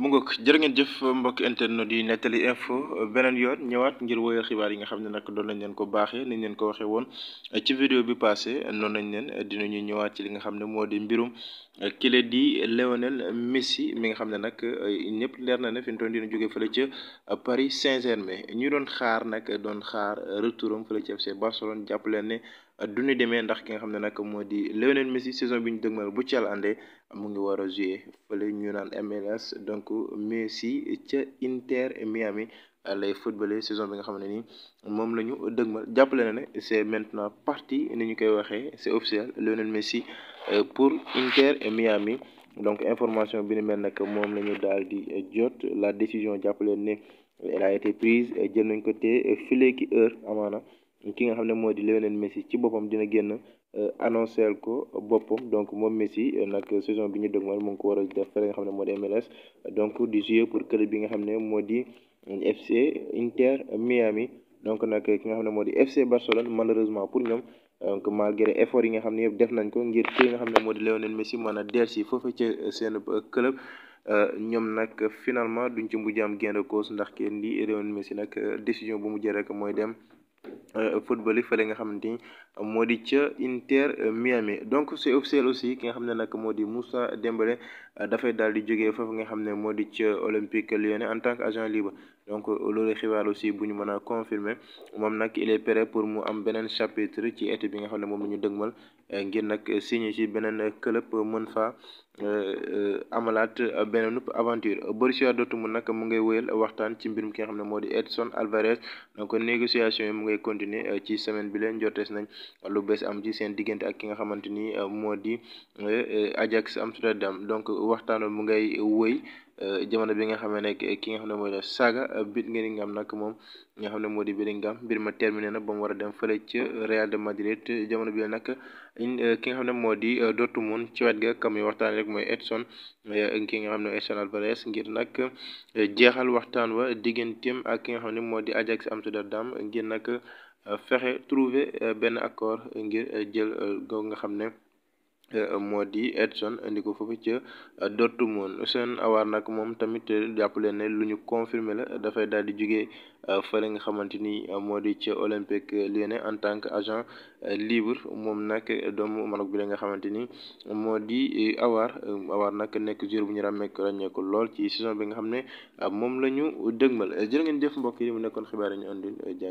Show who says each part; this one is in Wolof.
Speaker 1: mu ngoog jërë ngeen jëf mbokk internet yi nettali info beneen yoon ñëwaat ngir woyal xibaar yi nga xam ne nag doon nañ leen ko baaxee nañ leen ko waxee woon ci vidéo bi passé noonu nañ leen dinañu ñëwaat ci li nga xam ne moo di mbirum kile di Lionel Messi mi nga xam ne nag ñëpp leer na ne fi mu toll dina jógee fële ca Paris Saint-Germain ñu doon xaar nag doon xaar retour retouram fële ca FC Barcelone jàpp leen ne du ñu demee ndax ki nga xam ne nag moo di Lionel Messi saison bi ñu dëgmal bu ci yàlla àndee mu ngi war a jouer fële ñu naan MLS donc Messi ca Inter Miami lay footballé saison bi nga xam ne nii moom la ñu dëgmal jàppale na ne c'est maintenant parti ni ñu koy waxee c'est officiel Lionel Messi euh, pour Inter Miami donc information bi ni mel nag moom la ñu daal di jot la décision jàppale ne elle été prise jël nañ ko te file ki heure amaana. ki nga xam ne moo di Lionel Messi ci boppam dina génn euh, annoncé ko boppam donc moom Messi euh, nag saison bi ñu dëgmal mu ngi ko war a def fële nga xam ne moo di MLS donc di jouer pour club bi nga xam ne moo di FC Inter Miami donc nag ki nga xam ne moo di FC Barcelone malheureusement pour ñoom. donc malgré effort yi nga xam ne yëpp def nañ ko ngir kii nga xam ne moo di Lionel Messi mën a dellu si foofu ci euh, seen club ñoom nag finalement duñ ci mujj am gain de cause ndax kenn di Lionel Messi nag décision bu mu jël rek mooy dem. Euh, football yi fële nga xamante ni moo di ca Inter Miami donc c'est officiel aussi ki nga xam ne nag moo di Moussa dembale euh, dafay daal di jógee foofu nga xam ne moo di ca Olympique Lyonnais en tant que agent libre donc loolu xibaar aussi bu ñu mën a confirmer moom nag il est prêt pour mu am beneen chapitre ci été bi nga xam ne moom la ñu dëgmal eh, ngir nag signé ci beneen club mën fa eh, eh, amalaat beneen aventure Borussia Dortmund nag mu ngay wéyal waxtaan ci mbirum ki nga xam ne moo di Edson Alvarez donc négociation yi mu ngay continuer ci semaine bi leen jotees nañ lu bees am ci seen diggante ak ki nga xamante ni moo di Ajax Amsterdam donc waxtaan mu ngay wéy Eh, jamono bi nga xam ne nag eh, ki nga xam ne mooy bi eh, bit Bellingham nag moom nga xam moo di Bellingham mbir ma terminé na ba mu war a dem fële ca Real de Madrid jamono bi nag ki nga xam ne moo di Dortmund ci wet ga kam yi waxtaan rek mooy Edson ki nga xam ne Edson Alvarez ngir nag jeexal waxtaan wa digganteem ak ki nga xam ne moo di Ajax Amsterdam ngir nag fexe trouver benn accord ngir jël go nga xam ne moo di Edson indi ko foofu ca Dortmund Hussein Aouar nag moom tamit jàpp leen ne lu ñu confirmé la dafay daal di jugee euh, fële nga xamante ni moo di ca Olympique Lyonnais en tant que agent euh, libre moom nag doomu Maroc bi la nga xamante ni moo di Aouar euh, Aouar nag nekk jur bu ñu ràmmeek ràññeeku lool ci saison bi nga xam ne moom la ñu dëgmal jërë ngeen jëf mbokk yi mu nekkoon xibaar yi ñu andil